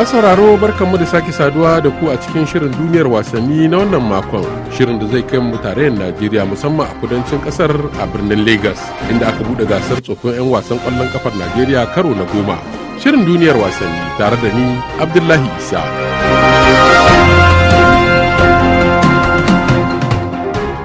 masu sauraro barkanmu da sake saduwa da ku a cikin shirin duniyar wasanni na wannan makon shirin da zai kai mu tarayyar najeriya musamman a kudancin kasar a birnin lagos inda aka bude gasar tsofin 'yan wasan kwallon kafar najeriya karo na goma shirin duniyar wasanni tare da ni abdullahi isa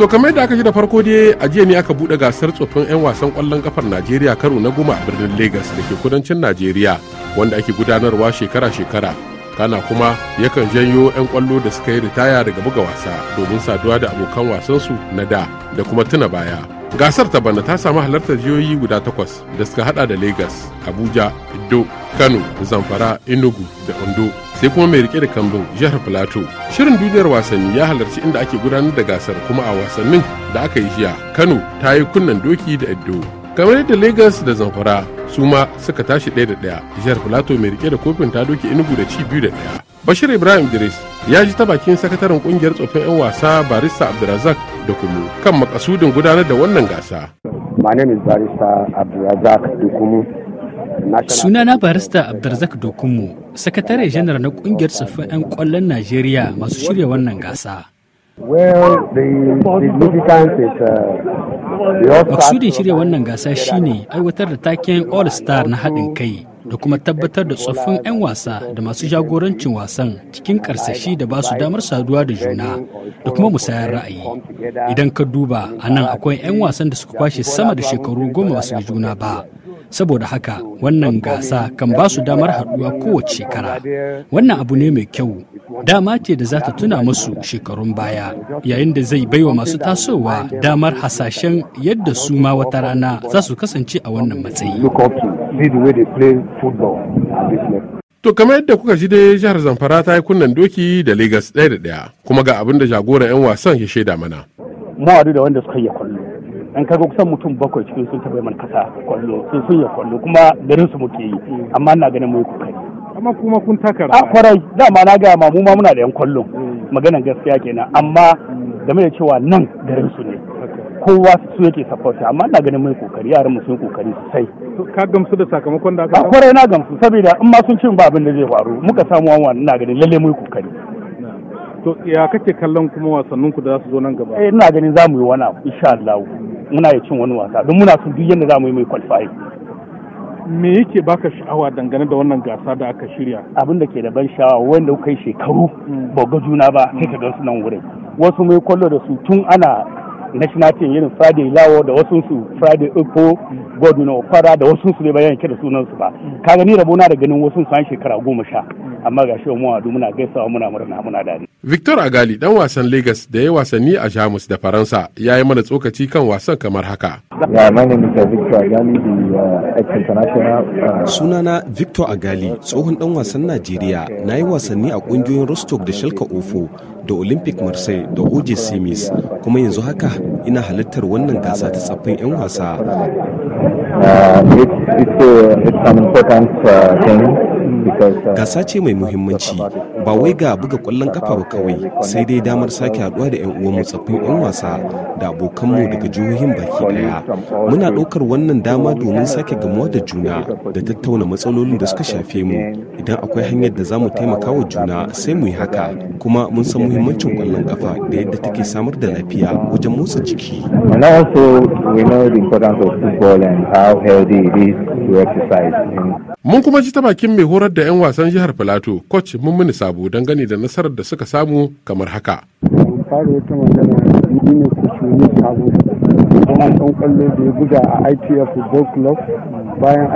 To kamar da aka ji da farko dai a jiya ne aka bude gasar tsofin 'yan wasan kwallon kafar Najeriya karo na goma a birnin lagos da ke kudancin Najeriya wanda ake gudanarwa shekara-shekara kana kuma yakan janyo 'yan kwallo da suka yi ritaya daga buga wasa domin saduwa da abokan wasansu na da da kuma tuna baya gasar ta bana ta samu halartar jihohi guda takwas da suka hada da lagos abuja iddo kano zamfara enugu da ondo sai kuma mai rike da kambin jihar plateau shirin duniyar wasanni ya halarci inda ake gudanar da gasar kuma a wasannin da aka yi jiya kano ta yi kunnen doki da iddo kamar yadda lagos da zamfara su ma suka tashi ɗaya da ɗaya jihar filato mai rike da kofin ta doke inugu da ci biyu da ɗaya bashir ibrahim idris ya ji ta bakin sakataren kungiyar tsofin 'yan wasa barista abdulrazak da kan makasudin gudanar da wannan gasa my name barista abdulrazak dukumu sunana barista abdulrazak dukumu sakatare janar na kungiyar tsofaffin 'yan kwallon najeriya masu shirya wannan gasa Maksudin shirya wannan gasa shine aiwatar da taken All Star na haɗin kai da kuma tabbatar da tsoffin 'yan wasa da masu jagorancin wasan cikin karsashi da ba su damar saduwa da juna da kuma musayar ra'ayi. Idan ka duba a nan akwai 'yan wasan da suka kwashe sama da shekaru goma ba su juna ba. saboda haka wannan gasa kan ba su damar haduwa kowace shekara wannan abu ne mai kyau dama ce da za ta tuna masu shekarun baya yayin da zai baiwa masu tasowa damar hasashen yadda su ma wata rana za su kasance a wannan matsayi To kamar yadda kuka ji dai jihar Zamfara ta yi kunnen doki da Legas ɗaya da ɗaya kuma ga abin da jagoran 'yan wasan ya shaida mana. Mu da wanda suka yi kwallo. dan kaga kusan mutum bakwai cikin sun taɓa mana kasa kwallo sun sun ya kwallo kuma garin su muke yi amma na ganin mu yi kokari amma kuma kun taka a kwarai dama na ga ma mu ma muna da yan kwallo maganan gaskiya kenan amma game da cewa nan garin su ne kowa su yake support amma ina ganin mai kokari yaran mu sun kokari sosai ka gamsu da sakamakon da aka samu kwarai na gamsu saboda in ma sun cin ba abin da zai faru muka samu wani ina ganin lalle mai kokari to ya kake kallon kuma wasannin ku da za su zo nan gaba eh ina ganin za mu yi wani abu insha Allah muna ya cin wani wasa don muna son duk yadda za mu yi mai qualify me yake baka sha'awa dangane da wannan gasa da aka shirya abin da ke da ban sha'awa wanda kai shekaru hmm. ba ga juna ba sai ka ga nan wurin wasu mai kwallo da su tun ana national team yin friday lawo da wasu su friday uko godwin okwara da wasu su ne bayan kira sunan su ba kaga ni rabona da ganin wasu su an shekara goma sha amma ga shi mu muna gaisawa muna murna muna dadi victor agali dan wasan lagos da ya wasanni a jamus da faransa ya yi mana tsokaci kan wasan kamar haka Yeah, my name is uh, Victor Agali, the uh, international uh, Sunana Victor Agali, tsohon dan wasan Najeriya, na yi wasanni a kungiyoyin Rostock da Shalka Ofo, da olympic marseille da oje semis kuma yanzu haka ina halittar wannan gasa ta tsaffin 'yan wasa uh, uh, uh, gasa ce mai muhimmanci ba wai ga buga kwallon kafa ba kawai sai dai damar sake haduwa da 'yan uwanmu tsaffin 'yan wasa da abokanmu daga jihohin baki daya muna ɗaukar wannan dama domin sake gamuwa da juna da tattauna matsalolin da suka shafe mu idan akwai hanyar da za mu taimaka wa juna sai mu yi haka kuma mun san muhimmancin kwallon kafa da yadda take samar da lafiya wajen motsa jiki we know the importance of football and how healthy it is to exercise. Mun kuma ji ta bakin mai horar da 'yan wasan jihar Filato, coach Mummuni Sabo dangane da nasarar da suka samu kamar haka. bayan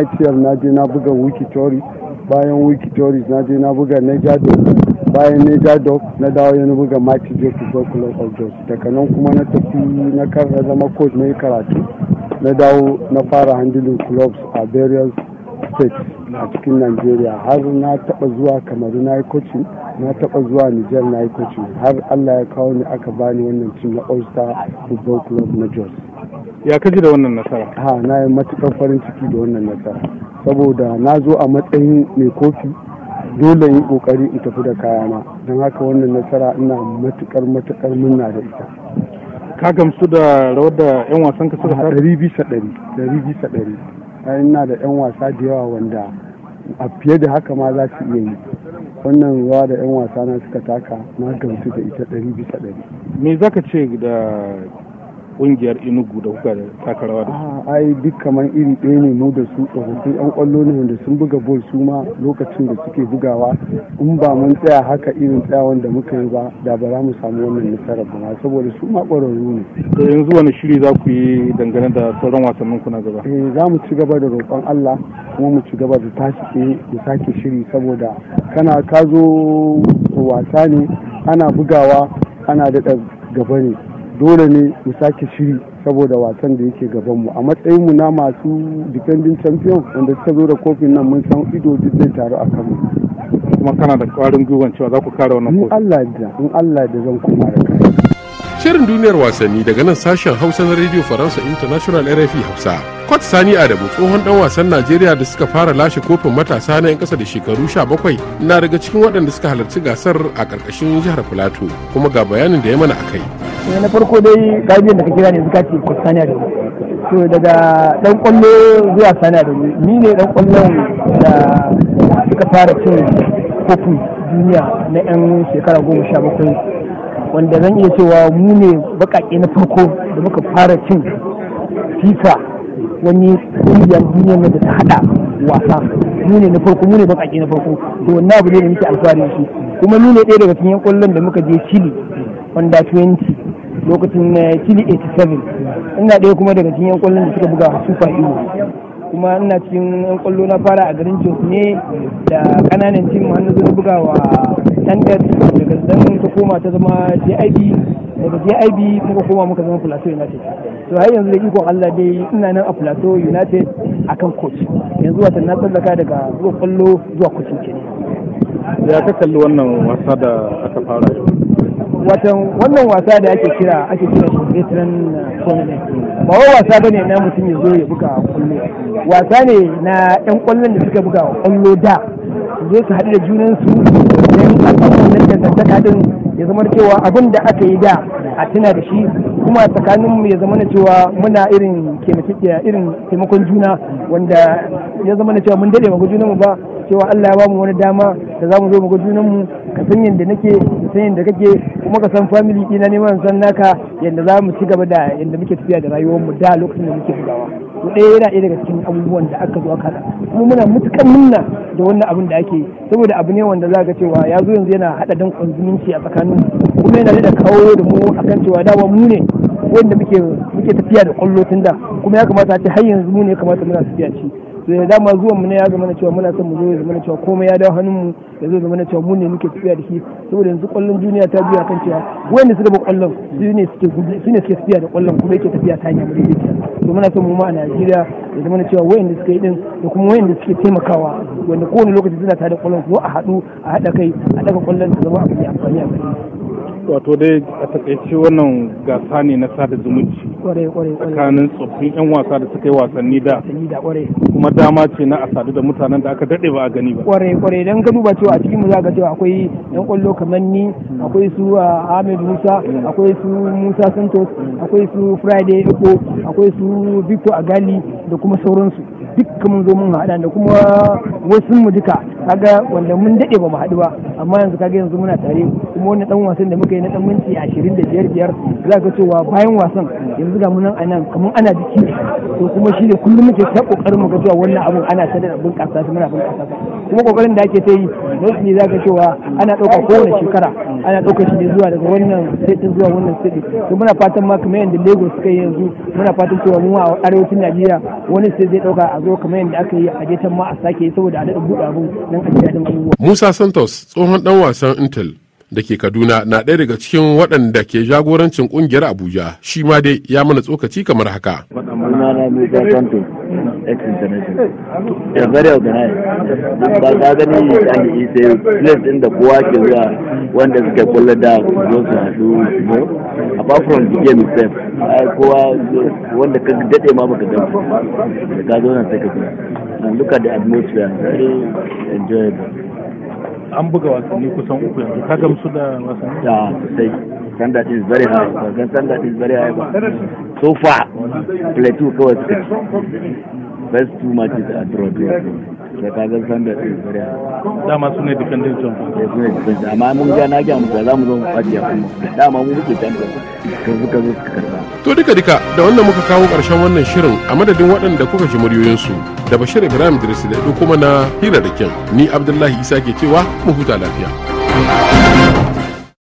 itf na je na buga wiki tori bayan wiki na je na buga niger dog bayan niger dog na dawo ya na buga mati je bakulon club daga nan kuma na tafi na karfe zama coach na yi karatu na dawo na fara handling clubs a various state a cikin nigeria har na taba zuwa kamaru na yi kocin na taba zuwa niger na yi kocin har allah ya kawo ni aka bani wannan cin na all star football club na jos ya kaji da wannan nasara ha na yi matukar farin ciki da wannan nasara saboda na zo a matsayin mai kofi dole yi kokari in tafi da kayana don haka wannan nasara ina matukar matukar murna da ita ka gamsu da rawar da 'yan wasan ka suka ɗari bisa ɗari ɗari bisa ɗari na da 'yan wasa da yawa wanda a fiye da haka ma za su iya yi wannan ruwa da 'yan wasa na suka taka na gamsu da ita ɗari bisa ɗari me zaka ce da kungiyar inugu da kuka taka rawa da su ai duk kamar iri ɗaya ne mu da su tsofaffin yan ƙwallo ne wanda sun buga bol su ma lokacin da suke bugawa in ba mun tsaya haka irin tsayawan da muka yi ba da ba za mu samu wannan nasarar ba saboda su ma ƙwararru ne to yanzu wani shiri za ku yi dangane da sauran wasannin ku na gaba eh za mu ci gaba da roƙon Allah kuma mu ci gaba da tashi mu sake shiri saboda kana ka zo wasa ne ana bugawa ana daɗa gaba ne dole ne mu sake shiri saboda wasan da yake gaban mu a matsayinmu na masu defending champion wanda suka zo da kofin nan mun san ido zai taru a kanmu kuma kana da kwarin gwiwan cewa za ku kare wannan kofin in Allah da in Allah da zan kuma da kai Shirin duniyar wasanni daga nan sashen Hausa na Radio Faransa International RFI Hausa. Kwat Sani Adamu tsohon dan wasan Najeriya da suka fara lashe kofin matasa na 'yan kasa da shekaru 17 na daga cikin waɗanda suka halarci gasar a ƙarƙashin jihar Filato kuma ga bayanin da ya mana a kai. Eh, na farko dai gajiyar da ka kira ne zuka ce ko sani a da to daga dan kwallo zuwa sani a da ni ne dan kwallon da suka fara cin kofin duniya na yan shekara goma sha bakwai wanda zan iya cewa mu ne bakake na farko da muka fara cin fifa wani kungiyar duniya da ta hada wasa mu ne na farko mu ne bakake na farko to wannan abu ne da muke alfahari shi kuma mu ne ɗaya daga cikin kwallon da muka je chile wanda 20 lokacin 87 eh, ina ɗaya kuma daga cikin 'yan kwallon da suka buga super eagles kuma ina cikin 'yan kwallo na fara a garin jos ne da kananan tim hannu zuwa buga wa standard daga zan ta koma ta zama jib daga jib muka koma muka zama plateau united to har yanzu da iko allah dai ina nan a plateau united akan coach yanzu wata na tsallaka daga zuwa kwallo zuwa coaching kenan ya ka kalli wannan wasa da aka fara yau watan wannan wasa da ake kira ake kira shi veteran tournament ba wai wasa bane na mutum ya zo ya buga kwallo wasa ne na yan kwallon da suka buga kwallo da zo su haɗu da junan su dan da nan tattaka din ya zama cewa abin da aka yi da a tuna da shi kuma tsakanin mu ya zama cewa muna irin irin taimakon juna wanda ya zama na cewa mun daɗe ba junan mu ba cewa Allah ya ba mu wani dama da za mu zo mu ga junanmu ka san yadda nake ka san yadda kake kuma ka san family ɗina ne ma san naka yadda za mu ci gaba da yadda muke tafiya da rayuwar mu da lokacin da muke bugawa to ɗaya yana ɗaya daga cikin abubuwan da aka zo aka haɗa kuma muna mutukan munna da wannan abin da ake saboda abu ne wanda za ka cewa ya zo yanzu yana haɗa dan zumunci a tsakanin kuma yana da kawo da mu akan cewa dama mu ne wanda muke muke tafiya da kwallo tun da kuma ya kamata a ce har yanzu mu ne kamata muna tafiya ci to eh, da dama zuwan mu ne ya zama cewa muna son mu zo ya zama cewa komai ya dawo hannun mu ya zo zama cewa mu ne muke tafiya da shi saboda yanzu kwallon duniya ta biya kan cewa wanda suka ba kwallon su ne suke su ne suke tafiya da kwallon kuma yake tafiya ta hanyar mulki to muna son mu ma a Najeriya ya zama cewa wayanda suka yi din da kuma wayanda suke taimakawa wanda kowane lokaci suna da kwallon su a haɗu a haɗa kai a daga kwallon su zama a amfani a gari wato dai a takaice wannan gasa ne na sada zumunci tsakanin tsoffin 'yan wasa da suka yi wasanni da kuma dama ce na a sadu da mutanen da aka daɗe ba a gani ba kware kware dan ka duba cewa a cikin mu za ga cewa akwai yan kwallo kamar ni akwai su ah, Ahmed Musa akwai su Musa Santos akwai su Friday Eko akwai su Victor Agali da kuma sauransu dukkan mun zo mun haɗa da kuma wasu mu duka kaga wanda mun daɗe ba mu haɗu ba amma yanzu kaga yanzu muna tare kuma wani ɗan wasan da muka yi na ɗan minti ashirin da biyar biyar za ka cewa bayan wasan yanzu ga munan anan kamar ana biki to kuma shi ne kullum muke ta kokarin mu ga cewa wannan abun ana ta da bunƙasa muna bunƙasa kuma kokarin da ake ta yi mostly za ka cewa ana ɗauka kowane shekara ana ɗauka shi ne zuwa daga wannan state zuwa wannan state to muna fatan ma kamar yadda Lagos suka yi yanzu muna fatan cewa mu a arewacin Najeriya wani state zai ɗauka a zo kamar yadda aka yi a jetan ma a sake saboda a daɗa buɗe abu don a ji daɗin abubuwa. Musa Santos tsohon ɗan wasan Intel da ke Kaduna na ɗaya daga cikin waɗanda ke jagorancin ƙungiyar Abuja shi ma dai ya mana tsokaci kamar haka. din da ke zuwa wanda kula da zo su haɗu no apart from the game itself ai kowa wanda ka ma baka ga da ka zo na and look at the atmosphere very enjoyable an buga wasanni kusan uku yanzu ka gamsu da wasanni da sai standard is very high ba gan standard is very high ba so far plateau kawai suka best two matches a draw draw da ka ga standard is very high dama su ne dependent champion su ne dependent amma mun ga na ga mu za mu zo mu fadiya kuma dama mun muke champion to suka zo suka karba To duka duka da wannan muka kawo ƙarshen wannan shirin a madadin waɗanda kuka ji muryoyinsu da Bashir Ibrahim Idris da kuma na hirarrakin ni Abdullahi Isa ke cewa mu huta lafiya.